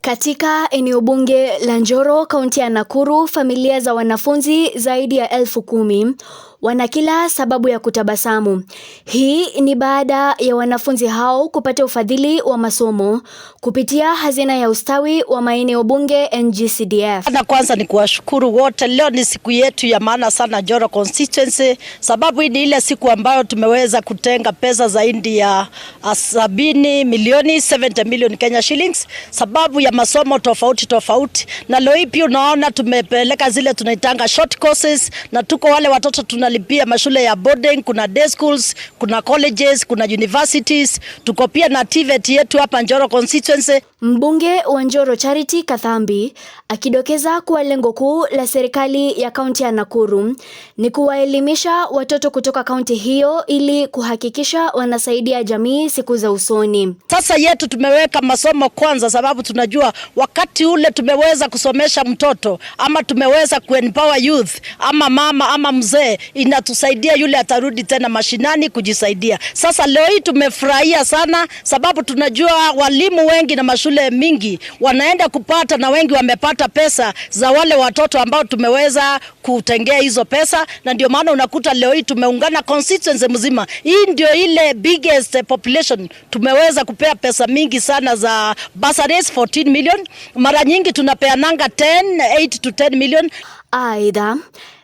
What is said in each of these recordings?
Katika eneo bunge la Njoro, kaunti ya Nakuru, familia za wanafunzi zaidi ya elfu kumi wana kila sababu ya kutabasamu. Hii ni baada ya wanafunzi hao kupata ufadhili wa masomo kupitia hazina ya ustawi wa maeneo bunge NGCDF. Na kwanza ni kuwashukuru wote. Leo ni siku yetu ya maana sana Joro constituency, sababu hii ni ile siku ambayo tumeweza kutenga pesa zaidi ya ah, sabini milioni 70 milioni Kenya shillings sababu ya masomo tofauti tofauti, na leo hii pia unaona tumepeleka zile tunaitanga short courses na tuko wale watoto tuna tunalipia mashule ya boarding, kuna day schools, kuna colleges, kuna universities. Tuko pia na TVET yetu hapa Njoro constituency. Mbunge wa Njoro Charity Kathambi akidokeza kuwa lengo kuu la serikali ya kaunti ya Nakuru ni kuwaelimisha watoto kutoka kaunti hiyo ili kuhakikisha wanasaidia jamii siku za usoni. Sasa yetu tumeweka masomo kwanza, sababu tunajua wakati ule tumeweza kusomesha mtoto ama tumeweza kuempower youth ama mama ama mzee inatusaidia yule atarudi tena mashinani kujisaidia. Sasa leo hii tumefurahia sana, sababu tunajua walimu wengi na mashule mingi wanaenda kupata, na wengi wamepata pesa za wale watoto ambao tumeweza kutengea hizo pesa, na ndio maana unakuta leo hii tumeungana constituency mzima. Hii ndio ile biggest population tumeweza kupea pesa mingi sana za bursaries 14 million, mara nyingi tunapeananga 10 8 to 10 million. Aidha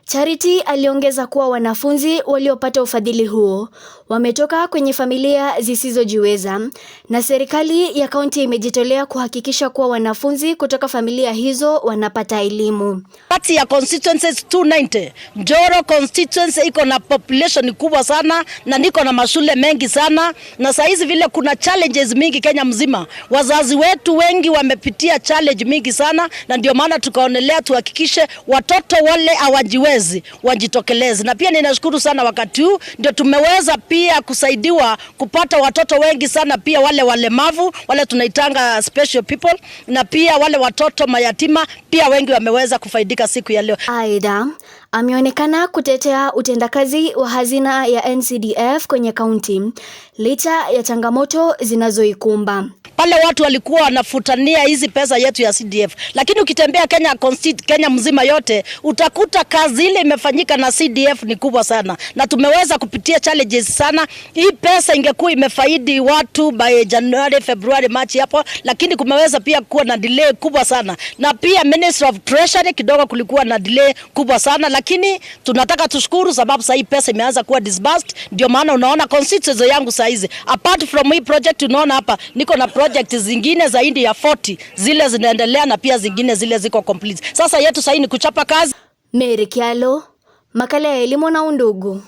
Charity aliongeza kuwa wanafunzi waliopata ufadhili huo wametoka kwenye familia zisizojiweza na serikali ya kaunti imejitolea kuhakikisha kuwa wanafunzi kutoka familia hizo wanapata elimu. Kati ya constituencies 290 Njoro constituency iko na population kubwa sana na niko na mashule mengi sana, na saa hizi vile kuna challenges mingi Kenya mzima, wazazi wetu wengi wamepitia challenge mingi sana, na ndio maana tukaonelea tuhakikishe watoto wale hawajiwezi wajitokeleze, na pia ninashukuru sana wakati huu ndio tumeweza pia kusaidiwa kupata watoto wengi sana, pia wale walemavu wale tunaitanga special people, na pia wale watoto mayatima pia wengi wameweza kufaidika siku ya leo. Aidha, ameonekana kutetea utendakazi wa hazina ya NCDF kwenye kaunti licha ya changamoto zinazoikumba pale watu walikuwa wanafutania hizi pesa yetu ya CDF, lakini ukitembea Kenya, Kenya mzima yote utakuta kazi ile imefanyika na CDF ni kubwa sana, na tumeweza kupitia challenges sana. Hii pesa ingekuwa imefaidi watu by January, February, March hapo, lakini kumeweza pia kuwa na delay kubwa sana, na pia Minister of Treasury kidogo kulikuwa na delay kubwa sana, lakini tunataka tushukuru sababu sasa hii pesa imeanza kuwa disbursed. Ndio maana unaona constituency yangu saa hizi apart from hii project, unaona hapa niko na project project zingine zaidi ya 40 zile zinaendelea na pia zingine zile ziko complete. Sasa yetu sahii ni kuchapa kazi. Mary Kyalo, makala ya elimu na Undugu.